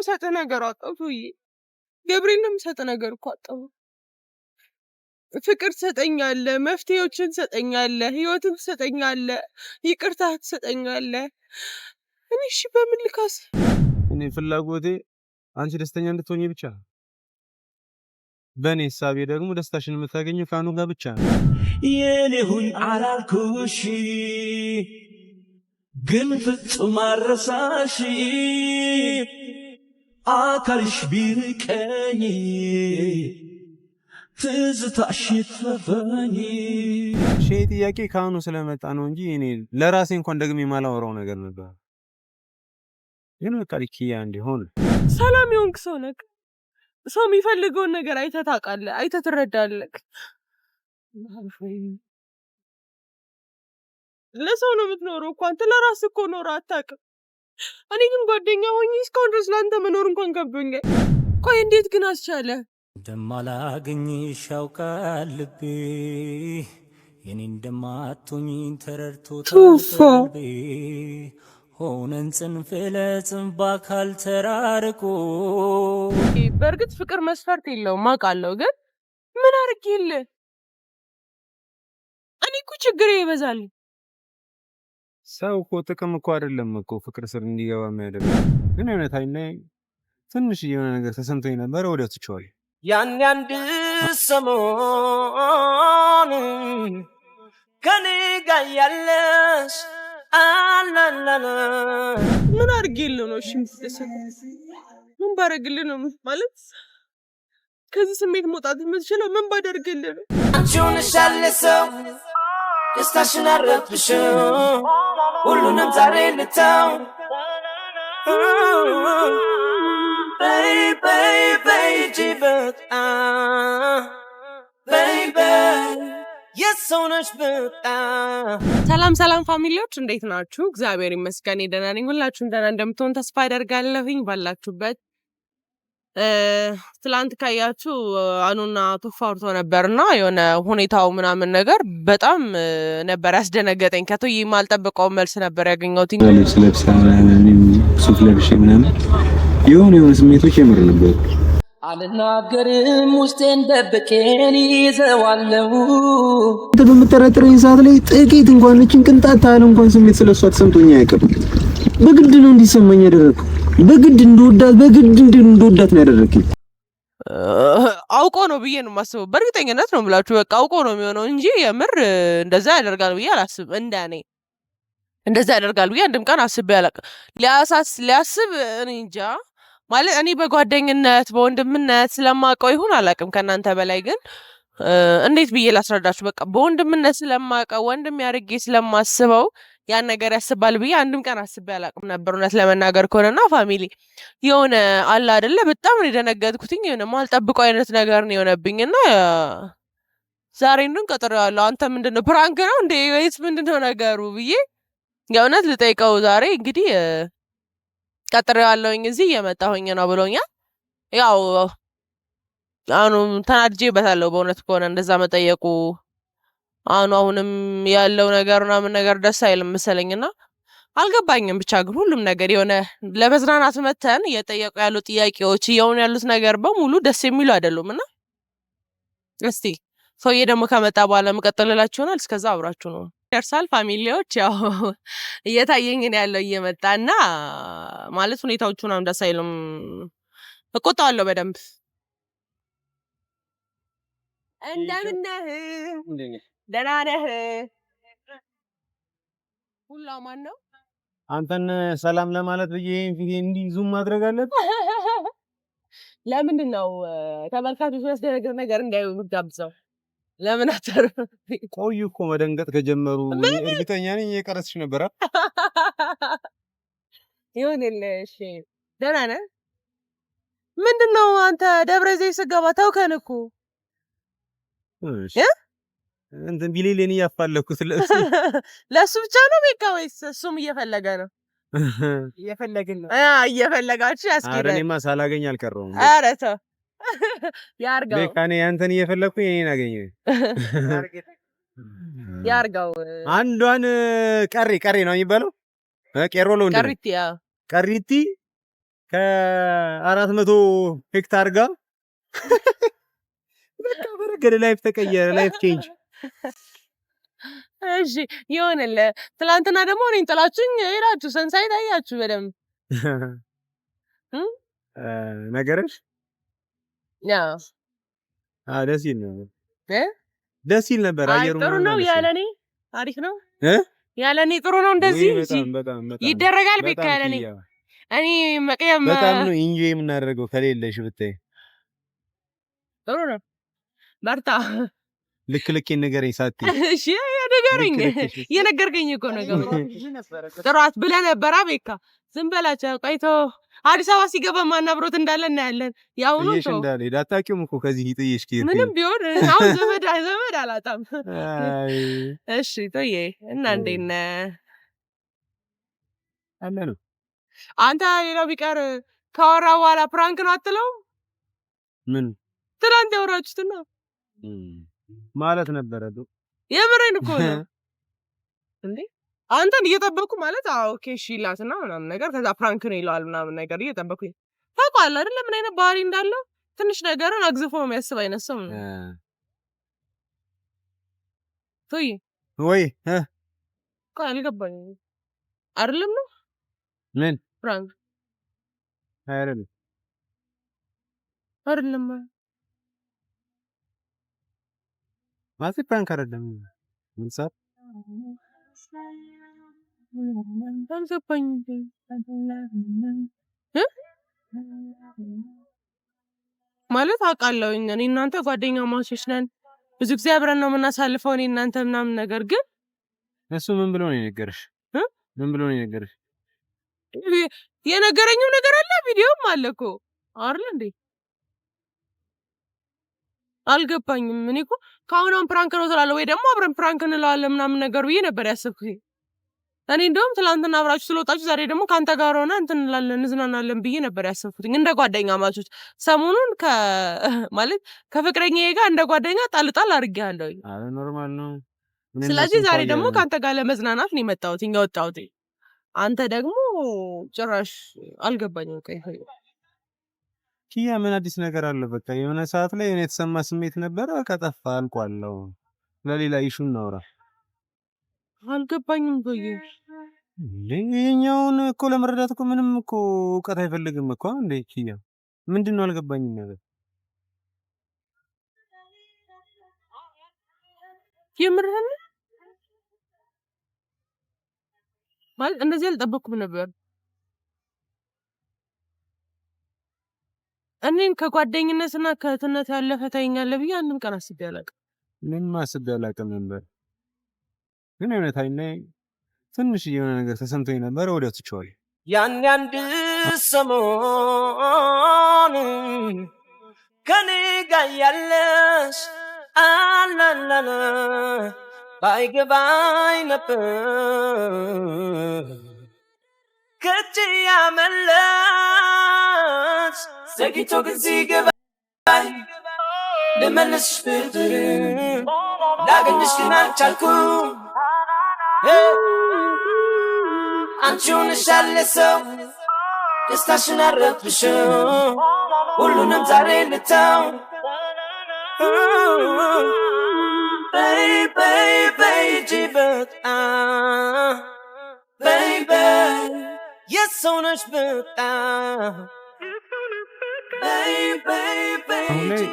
ምሰጥ ነገር አጣው። ቶዬ ገብርኤል ነው ምሰጥ ነገር እኮ አጣው። ፍቅር ትሰጠኛለ፣ መፍትሄዎችን ትሰጠኛለ፣ ህይወትን ትሰጠኛለ፣ ይቅርታ ትሰጠኛለ። እኔ እሺ በምን ልካስ? እኔ ፍላጎቴ አንቺ ደስተኛ እንድትሆኝ ብቻ ነው። በእኔ ሳቤ ደግሞ ደስታሽን የምታገኘው ከአኑ ጋር ብቻ ነው። የኔ ሁኝ አላልኩሽ ግን ፍጹም አረሳሽ አካልሽ ቢርቀኝ ትዝታሽ እሺ ጥያቄ ከአሁኑ ስለመጣ ነው እንጂ እኔ ለራሴ እንኳን ደግሜ የማላወራው ነገር ነበር፣ ግን በቃ ልክያ እንዲሆን ሰላም የሆንክ ሰው ነህ። ሰው የሚፈልገውን ነገር አይተህ ታውቃለህ፣ አይተህ ትረዳለህ። ለሰው ነው የምትኖረው እኮ አንተ፣ ለራስህ እኮ ኖረህ አታውቅም። እኔ ግን ጓደኛ ሆኜ እስካሁን ድረስ ለአንተ መኖር እንኳን ከብዶኛል። ቆይ እንዴት ግን አስቻለ? እንደማላገኝሽ ያውቃል ልቤ የኔ እንደማቶኝ ተረድቶታል። ሆነን ጽንፍ ለጽንፍ በአካል ተራርቆ በእርግጥ ፍቅር መስፈርት የለውም አውቃለሁ። ግን ምን የለ እኔ እኮ ችግር ይበዛል ሰው እኮ ጥቅም እኮ አይደለም እኮ ፍቅር ስር እንዲገባ የሚያደርግ ግን የሆነ ታይም ላይ ትንሽ የሆነ ነገር ተሰምቶኝ ነበረ። ወዲያው ትቼዋለሁ። ያን አንድ ሰሞን ከኔ ጋር ያለሽ አላላ ምን አድርጌልህ ነው? እሺ የምትደሰተው ምን ባደርግልህ ነው? ማለት ከዚህ ስሜት መውጣት የምትችለው ምን ባደርግልህ ነው? አንቺ ሆነሻል ሰው ደስታሽን አረብሽው ሁሉንም ዛሬ ልተው በይ ሰላም ሰላም ፋሚሊዎች እንዴት ናችሁ? እግዚአብሔር ይመስገን ደህና ነኝ። ሁላችሁም ደህና እንደምትሆን ተስፋ አደርጋለሁኝ ባላችሁበት ትላንት ካያችሁ አኑና ቶፋ አውርቶ ነበርና የሆነ ሁኔታው ምናምን ነገር በጣም ነበር ያስደነገጠኝ። ከቶ ይህ ማልጠብቀው መልስ ነበር ያገኘሁት። ልብስ ለብሳ ሱፍ ለብሼ ምናምን የሆነ የሆነ ስሜቶች የምር ነበር። አልናገርም ውስጤን ደብቄን ይዘዋለሁ። በምጠረጥረኝ ሰዓት ላይ ጥቂት እንኳን ልችን ቅንጣት ታህል እንኳን ስሜት ስለሷ ተሰምቶኛ ያቅም በግድ ነው እንዲሰማኝ ያደረግኩ። በግድ እንደወዳት በግድ እንደወዳት ነው ያደረግኝ። አውቆ ነው ብዬ ነው የማስበው። በእርግጠኝነት ነው የምላችሁ። በቃ አውቆ ነው የሚሆነው እንጂ የምር እንደዛ ያደርጋል ብዬ አላስብም። እንደኔ እንደዛ ያደርጋል ብዬ አንድም ቀን አስቤ አላውቅም። ሊያሳስ ሊያስብ እኔ እንጃ ማለት እኔ በጓደኝነት በወንድምነት ስለማውቀው ይሁን አላውቅም። ከእናንተ በላይ ግን እንዴት ብዬ ላስረዳችሁ? በቃ በወንድምነት ስለማውቀው ወንድም ያርጌ ስለማስበው ያን ነገር ያስባል ብዬ አንድም ቀን አስቤ አላውቅም ነበር እውነት ለመናገር ከሆነና ፋሚሊ የሆነ አለ አደለ በጣም ነው የደነገጥኩትኝ የሆነ ማልጠብቀው አይነት ነገር ነው የሆነብኝና ዛሬ ቀጥሮ ያለው አንተ ምንድን ነው ፕራንክ ነው እንደ ወይስ ምንድን ነው ነገሩ ብዬ የእውነት ልጠይቀው ዛሬ እንግዲህ ቀጥሬዋለሁኝ እዚህ እየመጣሁኝ ነው ብሎኛል ያው አሁኑ ተናድጄበታለሁ በእውነት ከሆነ እንደዛ መጠየቁ አሁን አሁንም ያለው ነገር ምናምን ነገር ደስ አይልም መሰለኝ አልገባኝም። ብቻ ግን ሁሉም ነገር የሆነ ለመዝናናት መተን እየጠየቁ ያሉ ጥያቄዎች እየሆኑ ያሉት ነገር በሙሉ ደስ የሚሉ አይደሉም እና እስቲ ሰውዬ ደግሞ ከመጣ በኋላ መቀጠልላችሁ ይሆናል። እስከዛ አብራችሁ ነው ደርሳል። ፋሚሊዎች ያው እየታየኝን ያለው እየመጣ እና ማለት ሁኔታዎቹ ምናምን ደስ አይሉም። እቆጣዋለሁ በደንብ እንደምነህ ደህና ነህ? ሁላ ማን ነው? አንተን ሰላም ለማለት ብዬ ይሄን ፊት እንዲህ ዙም ማድረግ አለብህ? ለምንድን ነው ተመልካቾች የሚያስደነግጥ ነገር እንዳዩ የምጋብዘው? ለምን አተር ቆዩ እኮ መደንገጥ ከጀመሩ እርግጠኛ ነኝ የቀረስሽ ነበረ። ይሁንልሽ። ደህና ነህ? ምንድን ነው አንተ ደብረ ዘይት ስገባ ተውከን እኮ እንትን ቢሌሌን እያፋለኩት ለእሱ ለእሱ ብቻ ነው ሜካ ወይስ እሱም እየፈለገ ነው? እየፈለግን ነው። እየፈለጋችሁ ያስኬዳል። እኔማ ሳላገኝ አልቀረውም። ኧረ ተው ያርጋው ሜካ፣ እኔ ያንተን እየፈለግኩ የኔን አገኘ ያርጋው። አንዷን ቀሪ ቀሪ ነው የሚባለው ቄሮሎ ቀሪቲ ቀሪቲ ከአራት መቶ ሄክታር ጋር በቃ በረገደ ላይፍ ተቀየረ። ላይፍ ቼንጅ እሺ ይሆንል። ትላንትና ደግሞ እኔን ጥላችሁኝ ሄዳችሁ ሰንሳይ ታያችሁ በደንብ ነገረሽ። ደስ ይል ነበር፣ ደስ ይል ነበር። አየሩ ጥሩ ነው። ያለኔ አሪፍ ነው። ያለኔ ጥሩ ነው። እንደዚህ ይደረጋል። ቤት ያለኔ እኔ መቀየም በጣም ነው ኢንጆይ የምናደርገው። ከሌለሽ ብታይ ጥሩ ነው። በርታ ልክ ልክ ንገረኝ ሳት ንገረኝ የነገርከኝ እኮ ነገሩ ጥሯት ብለ ነበረ። ቤካ ዝም በላቸው ቆይቶ አዲስ አበባ ሲገባ ማን አብሮት እንዳለ እናያለን። የአሁኑ እንዳለ አታውቂውም እኮ ከዚህ ጥዬሽ ምንም ቢሆን አሁን ዘመድ ዘመድ አላጣም። እሺ ቶዬ እና እንዴነ ነህ? አንተ ሌላው ቢቀር ካወራ በኋላ ፕራንክ ነው አትለውም ምን ትናንት ያወራችሁት ነው ማለት ነበረ። የምሬን እኮ ነው እንዴ አንተን እየጠበቅኩ ማለት ኦኬ እሺ ይላት እና ምናምን ነገር ከዛ ፕራንክ ነው ይለዋል ምናምን ነገር እየጠበቅኩ ታውቃለህ አይደለ ምን አይነት ባህሪ እንዳለው ትንሽ ነገርን አግዝፎ የሚያስብ አይነት ሰው ነው። ቶይ ወይ አልገባኝ አይደለም ነው ምን ፕራንክ አይደለም አይደለም ማለት ፕራንክ አይደለም። ምን ሰዓት ማለት አውቃለሁኝ። እኔ እናንተ ጓደኛ ማቾች ነን፣ ብዙ ጊዜ አብረን ነው የምናሳልፈው እኔ እናንተ ምናምን። ነገር ግን እሱ ምን ብሎ ነው የነገረሽ? ምን ብሎ ነው የነገረሽ? የነገረኝም ነገር አለ፣ ቪዲዮም አለ እኮ አይደል እንዴ? አልገባኝም። እኔ እኮ ከአሁን ፕራንክ ነው ትላለህ ወይ ደግሞ አብረን ፕራንክ እንለዋለን ምናምን ነገር ብዬ ነበር ያሰብኩኝ። እኔ እንደውም ትላንትና አብራችሁ ስለወጣችሁ ዛሬ ደግሞ ከአንተ ጋር ሆነ እንትን እንላለን እንዝናናለን ብዬ ነበር ያሰብኩትኝ እንደ ጓደኛ ማቾች። ሰሞኑን ማለት ከፍቅረኛ ጋር እንደ ጓደኛ ጣልጣል አድርጌያለሁ። ኖርማል ነው። ስለዚህ ዛሬ ደግሞ ከአንተ ጋር ለመዝናናት ነው የመጣሁት የወጣሁትኝ። አንተ ደግሞ ጭራሽ አልገባኝም። ቀይ ሆይ ኪያ ምን አዲስ ነገር አለ? በቃ የሆነ ሰዓት ላይ የሆነ የተሰማ ስሜት ነበረ፣ ከጠፋ አልቋለው። ለሌላ ይሹ እናውራ። አልገባኝም። ቆይ ይሄኛውን እኮ ለመረዳት እኮ ምንም እኮ እውቀት አይፈልግም እኮ እንዴ። ኪያ ምንድን ነው አልገባኝም ነገር። የምርህን ማለት እንደዚህ አልጠበኩም ነበር። እኔም ከጓደኝነትና ከእህትነት ያለፈ ታይኛለ ብዬ አንድም ቀን አስቤ አላውቅም። ምንም አስቤ አላውቅም ነበር፣ ግን የሆነ ታይና ትንሽ የሆነ ነገር ተሰምቶኝ ነበረ። ወዲያው ትችዋል። ያን አንድ ሰሞን ከኔ ጋር ያለሽ አላላላ ባይገባኝ ነበር ከቼ ያመላ Sag ich doch ein Sieger, weil der Mann ist spürt drin. Lagen nicht in ein Chalku. Ançun şallesi Kıstaşın arıtmışım Ulunum zareli tam Baby, baby, ah. but I Baby Yes, so much, but I አሁን ላይ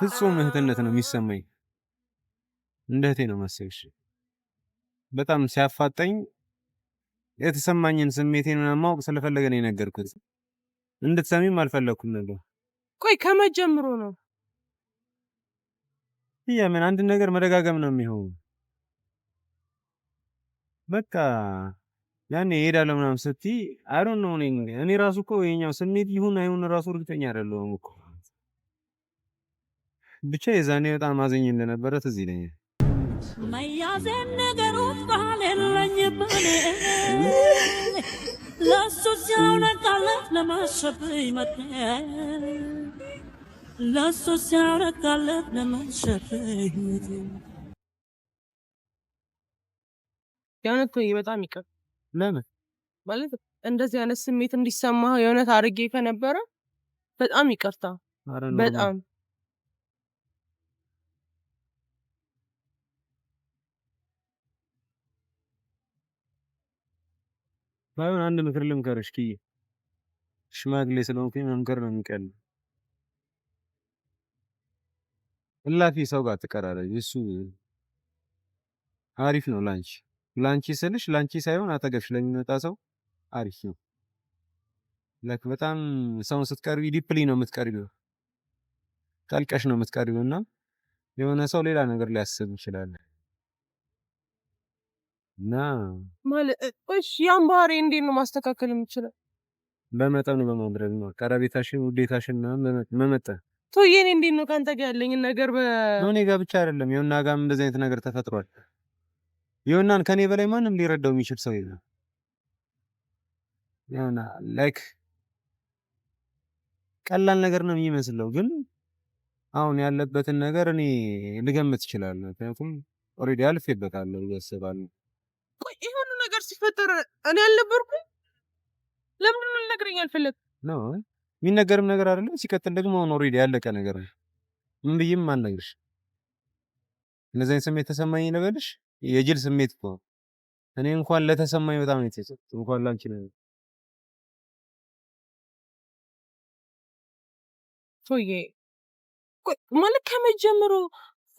ፍጹም እህትነት ነው የሚሰማኝ። እንደ እህቴ ነው መሰልሽ። በጣም ሲያፋጠኝ የተሰማኝን ስሜቴን ምናምን ማወቅ ስለፈለገ ነው የነገርኩት። እንድትሰሚም አልፈለግኩም ነበር። ቆይ ከመጀምሮ ነው እያምን አንድ ነገር መደጋገም ነው የሚሆኑ በቃ ያን ይሄዳለ ምናምን ስቲ አይ ዶንት ኖ ነኝ እኔ ራሱ እኮ ይሄኛው ስሜት ይሁን አይሁን ራሱ እርግጠኛ አይደለሁም እኮ ብቻ የዛኔ በጣም አዘኝ እንደነበረ ትዝ ይለኛል። መያዘን ነገሩ ባህል የለኝም ለሱ ሲያው ነቃለት ለማሸብ ይመጣል ለሱ ሲያው ነቃለት ለማሸብ ይመጣል። ያን እኮ በጣም ይቀር ለምን ማለት እንደዚህ አይነት ስሜት እንዲሰማ የእውነት አድርጌ ከነበረ በጣም ይቅርታ። በጣም ባይሆን አንድ ምክር ልምከርሽ ኪዬ፣ ሽማግሌ ስለሆንኩኝ መምከር ነው የሚቀል እላፊ ሰው ጋር ትቀራለች። እሱ አሪፍ ነው ላንቺ ላንቺ ስልሽ ላንቺ ሳይሆን አጠገብሽ ለሚመጣ ሰው አሪፍ ነው። ለክ በጣም ሰውን ስትቀርቢ ዲፕሊ ነው የምትቀርቢው፣ ጠልቀሽ ነው የምትቀርቢው እና የሆነ ሰው ሌላ ነገር ሊያስብ ይችላል እና ማለት እሺ፣ ያን ባህሪ እንዴት ነው ማስተካከል የምችለው? በመጠኑ በማድረግ ነው። ቀረቤታሽን፣ ውዴታሽን መመጠን ቶዬ። እኔ እንዴት ነው ከአንተ ጋር ያለኝን ነገር በእኔ ጋር ብቻ አይደለም የሆነ ጋርም እንደዚህ አይነት ነገር ተፈጥሯል። ይሁናን ከኔ በላይ ማንም ሊረዳው የሚችል ሰው የለም። ይሁና ላይክ ቀላል ነገር ነው የሚመስለው፣ ግን አሁን ያለበትን ነገር እኔ ልገምት ይችላል። ምክንያቱም ኦልሬዲ አልፌበታለሁ ያስባለሁ። ቆይ ይሄ ነገር ሲፈጠር እኔ አልነበርኩም። ለምን ልነግረኝ አልፈለግም? ነው የሚነገርም ነገር አይደለም። ሲቀጥል ደግሞ አሁን ኦልሬዲ ያለቀ ነገር ነው። ምን ብዬም አልነግርሽ። እንደዚህ ስሜት ተሰማኝ ልበልሽ የጅል ስሜት እኮ እኔ እንኳን ለተሰማኝ በጣም ነው የተሰጠው። እንኳን ላንቺ ነው። ቶዬ ማለት ከመጀመሩ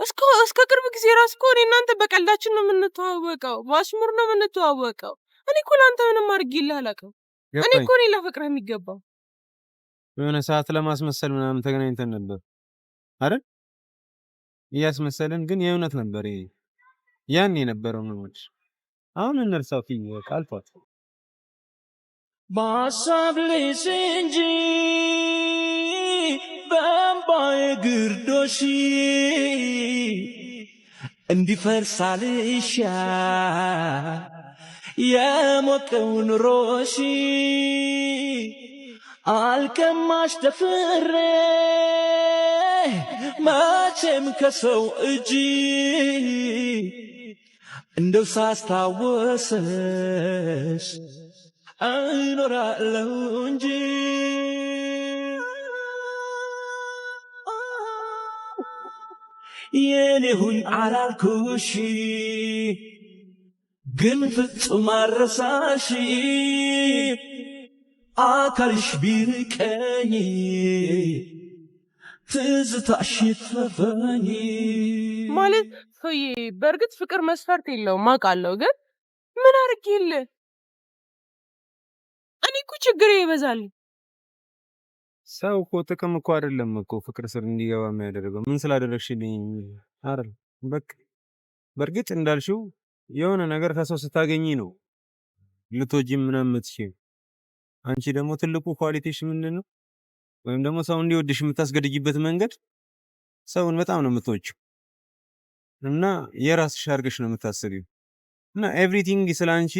እስከ እስከ ቅርብ ጊዜ ራስ እኮ እኔ እናንተ በቀልዳችን ነው የምንተዋወቀው፣ በአሽሙር ነው የምንተዋወቀው። እኔ እኮ ለአንተ ምንም አድርጌልህ አላውቅም። እኔ እኮ እኔ ላፈቅርህ የሚገባው የሆነ ሰዓት ለማስመሰል ምናምን ተገናኝተን ነበር አይደል? እያስመሰልን ግን የእውነት ነበር ይሄ ያን የነበረው ምኖች አሁን እነርሳው ፊት ወቅ አልፏት በሀሳብ ልስ እንጂ በእንባ የግርዶሽ እንዲፈርሳልሻ የሞቀው ኑሮሽ አልቀማሽ ደፍሬ መቼም ከሰው እጅ እንደው ሳስታወሰሽ እኖራለሁ እንጂ የኔሁን አላልኩሽ ግን ፍጹም አረሳሽ አካልሽ ቢርቀኝ ትዝታሽ ይትፈፈኝ ማለት እፎዬ በእርግጥ ፍቅር መስፈርት የለውም አውቃለሁ። ግን ምን አድርጌልህ? እኔ እኮ ችግሬ ይበዛል። ሰው እኮ ጥቅም እኮ አይደለም እኮ ፍቅር ስር እንዲገባ የሚያደርገው ምን ስላደረግሽልኝ አይደል? በቃ በእርግጥ እንዳልሽው የሆነ ነገር ከሰው ስታገኝ ነው ልትወጂ ምናምን የምትችይው። አንቺ ደግሞ ትልቁ ኳሊቲሽ ምንድን ነው? ወይም ደግሞ ሰው እንዲወድሽ የምታስገድጅበት መንገድ ሰውን በጣም ነው የምትወጂው። እና የራስሽ አድርገሽ ነው የምታስቢው እና ኤቭሪቲንግ ስለ አንቺ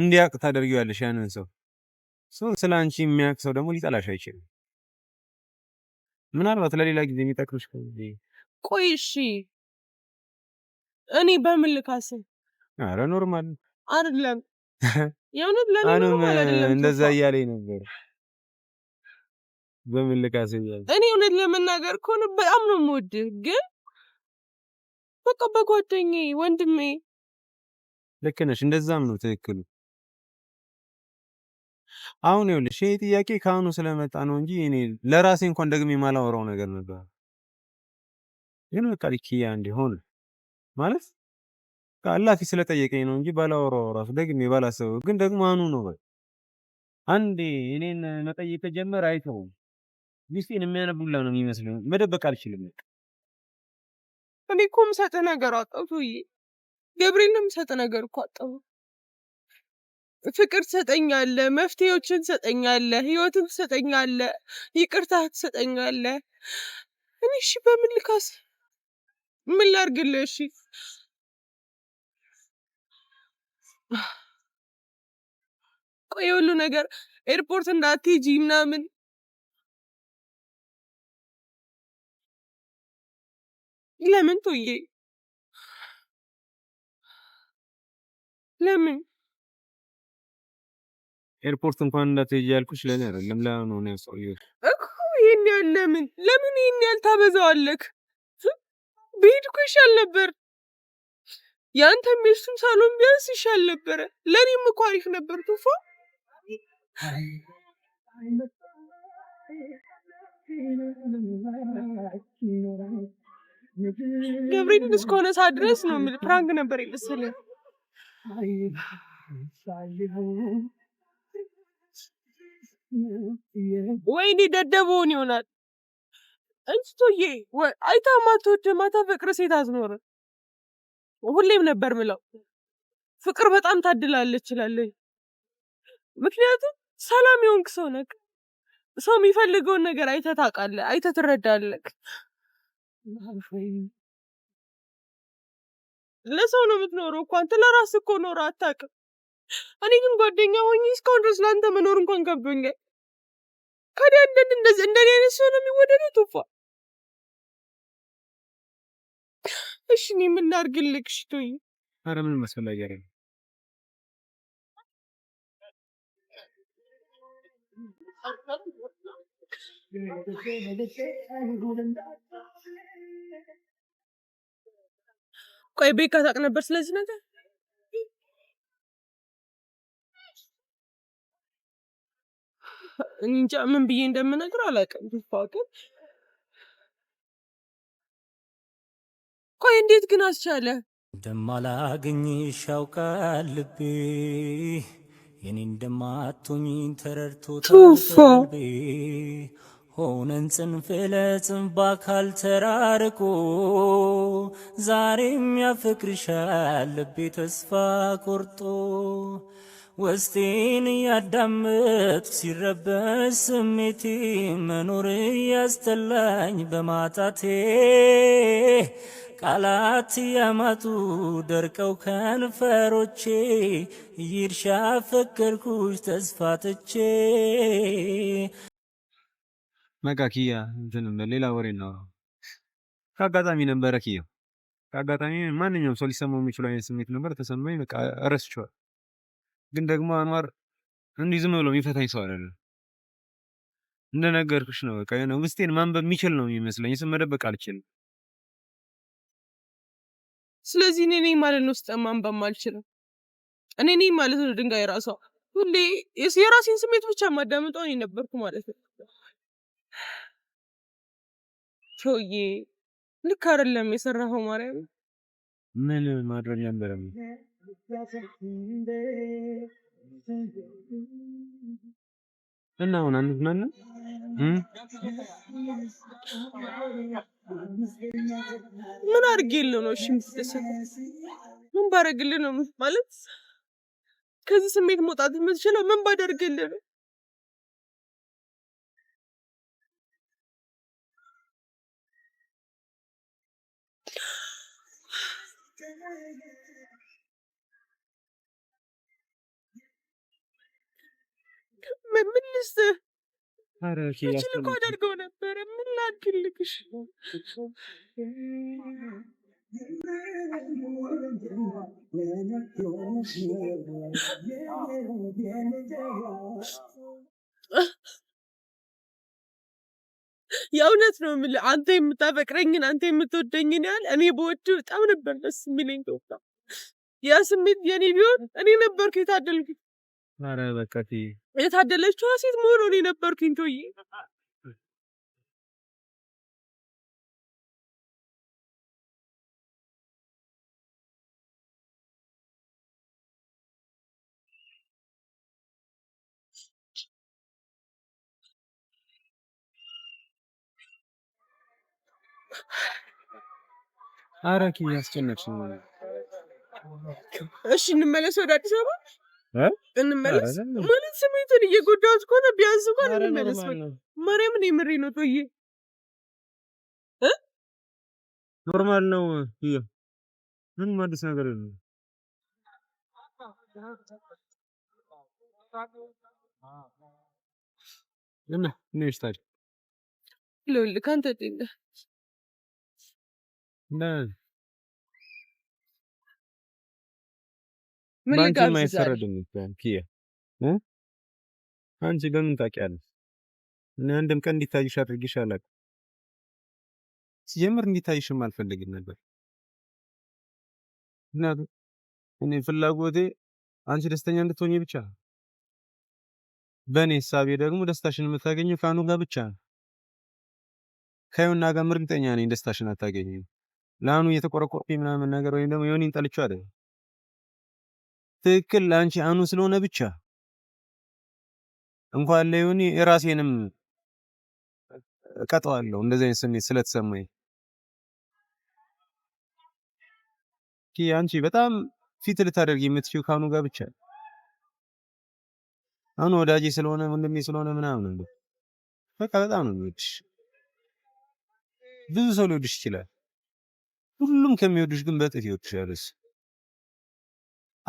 እንዲያውቅ ታደርጊዋለሽ ያንን ሰው። ስለ አንቺ የሚያውቅ ሰው ደግሞ ሊጠላሽ አይችልም። ምናልባት ለሌላ ጊዜ የሚጠቅምሽ ከሆነ ቆይ፣ እሺ፣ እኔ በምን ልካስ? አረ ኖርማል አይደለም። የእውነት ለኔ ኖርማል አይደለም። እንደዛ እያለኝ ነበር። በምን ልካስ እያለ እኔ እውነት ለመናገር ከሆነ በጣም ነው የምወድህ ግን በቃ በጓደኛዬ ወንድሜ። ልክ ነሽ፣ እንደዛም ነው ትክክሉ። አሁን ይኸውልሽ ይሄ ጥያቄ ከአሁኑ ስለመጣ ነው እንጂ እኔ ለራሴ እንኳን ደግሜ የማላወራው ነገር ነበር። ግን በቃ ልክያ እንዲሆን ማለት አላፊ ስለጠየቀኝ ነው እንጂ ባላወራው ራሱ ደግሜ ባላሰበው፣ ግን ደግሞ አኑ ነው በቃ አንዴ እኔን መጠየቅ ጀመር አይተው ሚስቴን የሚያነቡላ ነው የሚመስለው። መደበቅ አልችልም እኔ እኮ የምሰጥህ ነገር አጣሁ ቶዬ። ገብርኤል የምሰጥህ ነገር እኮ አጣሁ። ፍቅር ትሰጠኛለህ፣ መፍትሄዎችን ትሰጠኛለህ፣ ህይወትን ትሰጠኛለህ፣ ይቅርታ ትሰጠኛለህ። እኔ እሺ በምን ልካስ? ምን ላድርግልህ? እሺ ቆይ የሁሉ ነገር ኤርፖርት እንዳትሄጂ ምናምን ለምን ቶዬ ለምን ኤርፖርት እንኳን እንዳትሄጂ ያልኩሽ ለኔ አይደለም ለምን ሆነ ሰውዬው እኮ ይሄን ያህል ለምን ለምን ይሄን ያህል ታበዛዋለክ ብሄድ እኮ ይሻል ነበር የአንተም የእሱም ሳሎን ቢያንስ ይሻል ነበረ ለእኔም እኮ አሪፍ ነበር ቱፋ ገብርኤልን እስከሆነ ሳ ድረስ ነው የምልህ። ፕራንክ ነበር የመሰለኝ። ወይኔ ደደበውን ይሆናል። እንስቶዬ አይታ ማትወድ ማታ ፍቅር ሴት አዝኖረ ሁሌም ነበር ምለው ፍቅር በጣም ታድላለች ይችላለኝ። ምክንያቱም ሰላም የሆንክ ሰው ነክ ሰው የሚፈልገውን ነገር አይተ ታውቃለህ፣ አይተ ትረዳለህ። ለሰው ነው የምትኖረው እኮ አንተ ለራስ እኮ ኖረ አታውቅም። እኔ ግን ጓደኛ ሆኜ እስካሁን ድረስ ለአንተ መኖር እንኳን ከብዶኛል። ከዲያ እንደን እንደዚህ እንደኔ አይነት ሰው ነው የሚወደደው ቱፋ? እሺ እኔ ምን ላድርግልህ? ሽቶዬ ምን መሰለህ ያለ ነው ቆይ ቤካ ታውቅ ነበር ስለዚህ ነገር? እንጃ ምን ብዬ እንደምነግር አላውቅም። ቢፋቅር ቆይ እንዴት ግን አስቻለ? እንደማላገኝሽ ያውቃል ልቤ የኔ እንደማቶኝ ተረድቶ ሆነን ጽንፍ ለጽንፍ አካል ተራርቆ ዛሬም ያፈቅርሻል ልቤ ተስፋ ቆርጦ ውስጤን እያዳምጥ ሲረበስ ስሜቴ መኖር እያስጠላኝ በማጣቴ ቃላት እያማጡ ደርቀው ከንፈሮቼ ይርሻ ፈከርኩሽ ተስፋ ትቼ በቃ ኪያ እንትን ሌላ ወሬ እናውራ። ከአጋጣሚ ነበረ ኪያ ከአጋጣሚ ማንኛውም ሰው ሊሰማው የሚችለው አይነት ስሜት ነበር ተሰማኝ። በቃ እረስቸዋል። ግን ደግሞ አንዋር እንዲህ ዝም ብሎ የሚፈታኝ ሰው አይደለም። እንደነገርኩሽ ነው። በቃ ነው ውስጤን ማንበብ የሚችል ነው የሚመስለኝ። ስም መደበቅ አልችልም። ስለዚህ እኔ ነኝ ማለት ነው ውስጥ ማንበብ አልችልም። እኔ ነኝ ማለት ነው ድንጋይ ራሷ። ሁሌ የራሴን ስሜት ብቻ ማዳመጠው እኔ ነበርኩ ማለት ነው። ሰውዬ ልክ አይደለም የሰራኸው። ማርያም ምን ማድረግ ነበረም? እና አሁን አንዝናለን። ምን አድርጌልህ ነው? እሺ የምትደሰት ምን ባደርግልህ ነው ማለት? ከዚህ ስሜት መውጣት የምትችለው ምን ባደርግልህ ነው? మిమ్మల్నిస్తే Karaoke చిల్లు చేస్తాను కోదాడు కోనప్పారు మిల్లా పిల్లి కృష్ణ የእውነት ነው የምልህ አንተ የምታፈቅረኝን አንተ የምትወደኝን ያህል እኔ በወድ በጣም ነበር ደስ የሚለኝ። ተወጣ ያ ስሜት የኔ ቢሆን እኔ ነበርኩ የታደልኩ። ኧረ የታደለችዋ ሴት መሆን እኔ ነበርኩኝ ቶዬ አራኪ ያስጨነቅሽ። እሺ እንመለስ ወደ አዲስ አበባ እንመለስ። ማለት ስሜቱን እየጎዳሁት ከሆነ ቢያንስ እንኳን እንመለስ። ማርያም ነው የምሬ ነው። ጦዬ ኖርማል ነው። ምንም አዲስ ነገር ነው እና እኔ ከአንተ ምን አንቺም አይፈረድም ኪያ እ ታውቂያለሽ? እኔ አንድም ቀን እንዲታይሽ አድርጌሽ አላውቅም። ሲጀምር እንዲታይሽም አልፈልግም ነበር። ምክንያቱም እኔ ፍላጎቴ አንቺ ደስተኛ እንድትሆኚ ብቻ ነው። በእኔ ሀሳቤ ደግሞ ደስታሽን የምታገኘው ከአኑ ጋር ብቻ ነው። ከዩና ጋርም እርግጠኛ ነኝ ደስታሽን አታገኘም። ለአኑ እየተቆረቆርኩ ምናምን ነገር ወይም ደግሞ ዮኒን ጠልቼው አይደለም። ትክክል ለአንቺ አኑ ስለሆነ ብቻ እንኳን ለዮኒ የራሴንም እቀጠዋለሁ። እንደዚህ አይነት ስሜት ስለተሰማኝ ኪ አንቺ በጣም ፊት ልታደርግ የምትችው ካኑ ጋር ብቻ አኑ ወዳጄ ስለሆነ ወንድሜ ስለሆነ ምናምን በቃ በጣም ነው የሚወድሽ። ብዙ ሰው ሊወድሽ ይችላል። ሁሉም ከሚወዱሽ ግን በጥፍ ይወድሻለሽ።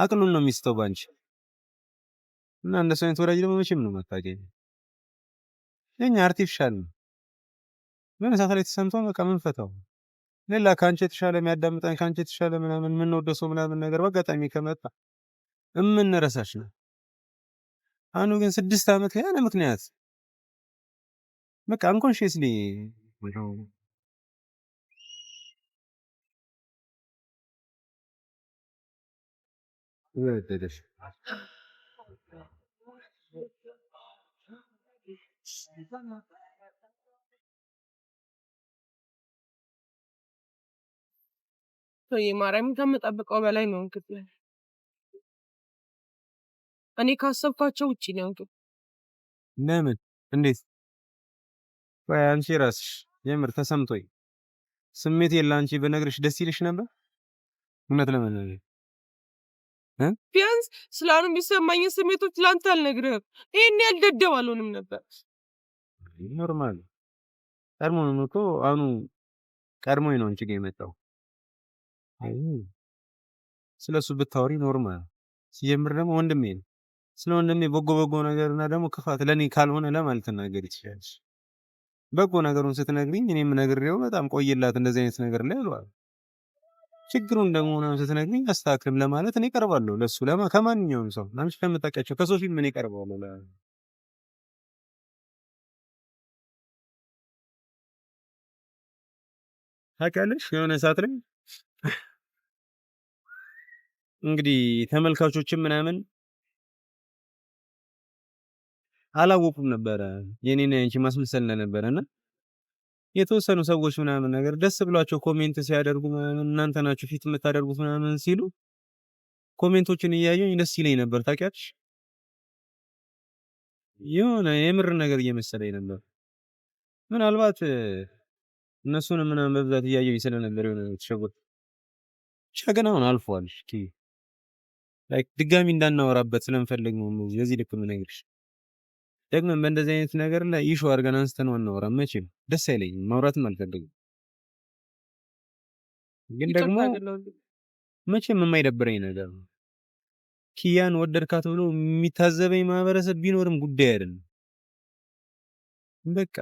አቅሉን ነው የሚስተው ባንቺ እና እንደሱ አይነት ወዳጅ ደግሞ መቼም ነው ማታገኝ። የኛ አርቲፊሻል ነው። ምን ሰዓት ላይ ተሰምቶ በቃ ምን ፈታው ሌላ ከአንቺ የተሻለ የሚያዳምጠን ከአንቺ የተሻለ ምናምን የምንወደው ሰው ምናምን ነገር በአጋጣሚ ከመጣ እምንረሳሽ ነው። አኑ ግን ስድስት ዓመት ያለ ምክንያት በቃ አንኮንሽስሊ Evet dedir. ማርያም ከምጠብቀው በላይ ነው። እንግዲህ እኔ ካሰብኳቸው ውጪ ነው። እንግዲህ ለምን? እንዴት? ቆይ አንቺ ራስሽ የምር ተሰምቶኝ ስሜት የለ አንቺ በነግርሽ ደስ ይልሽ ነበር እውነት ለመናገር ቢያንስ ስለ አሁን የሚሰማኝን ስሜቶች ለአንተ አልነግርህም። ይህን ያህል ደደብ አልሆንም ነበር። ኖርማል ነው እኮ አሁኑ ቀድሞ ነው አንቺ የመጣው። ስለ እሱ ብታወሪ ኖርማል። ሲጀምር ደግሞ ወንድሜ ነው። ስለ ወንድሜ በጎ በጎ እና ደግሞ ክፋት ለእኔ ካልሆነ ለማለት ተናገር ይችላለች። በጎ ነገሩን ስትነግሪኝ እኔም ነግሬው በጣም ቆይላት እንደዚህ አይነት ነገር ላይ አለዋል ችግሩ ደግሞ ምናምን ስትነግኝ አስተካክልም ለማለት እኔ ቀርባለሁ። ለሱ ለማ ከማንኛውም ሰው ምናምን ከምታውቂያቸው ከሰው ምን እኔ ቀርባለሁ። ታውቂያለሽ የሆነ ሰዓት ላይ እንግዲህ ተመልካቾችን ምናምን አላወቁም ነበረ የኔን ያንቺ ማስመሰል ለነበረ እና የተወሰኑ ሰዎች ምናምን ነገር ደስ ብሏቸው ኮሜንት ሲያደርጉ ምናምን እናንተ ናችሁ ፊት የምታደርጉት ምናምን ሲሉ ኮሜንቶችን እያየኝ ደስ ይለኝ ነበር። ታውቂያለሽ፣ የሆነ የምር ነገር እየመሰለኝ ነበር። ምናልባት እነሱን ምናምን በብዛት እያየኝ ስለነበር የሆነ ተሸጎል ብቻ። ግን አሁን አልፏል። ድጋሚ እንዳናወራበት ስለምፈልግ ነው የዚህ ልክ ምነግርሽ ደግሞ በእንደዚህ አይነት ነገር ላይ ኢሹ አድርገን አንስተን አናወራ። መቼም ደስ አይለኝም፣ ማውራትም አልፈልግም። ግን ደግሞ መቼም የማይደብረኝ ነገር ነው። ኪያን ወደድካት ብሎ የሚታዘበኝ ማህበረሰብ ቢኖርም ጉዳይ አይደለም። በቃ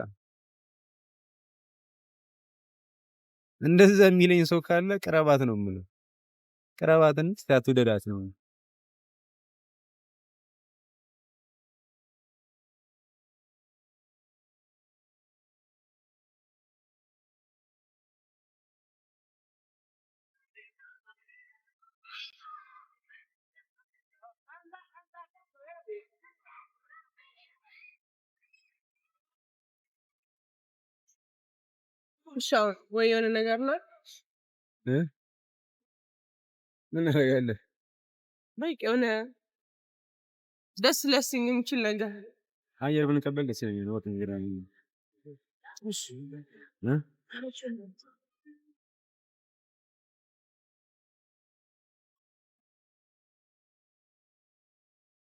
እንደዛ የሚለኝ ሰው ካለ ቅረባት ነው የምለው። ቅረባትን ስታት ውደዳት ነው። ብቻ ወይ የሆነ ነገር ነው። ምን እናደርጋለን? በቂ የሆነ ደስ ለስኝ የምችል ነገር አየር ብንቀበል ደስ ይለኛል።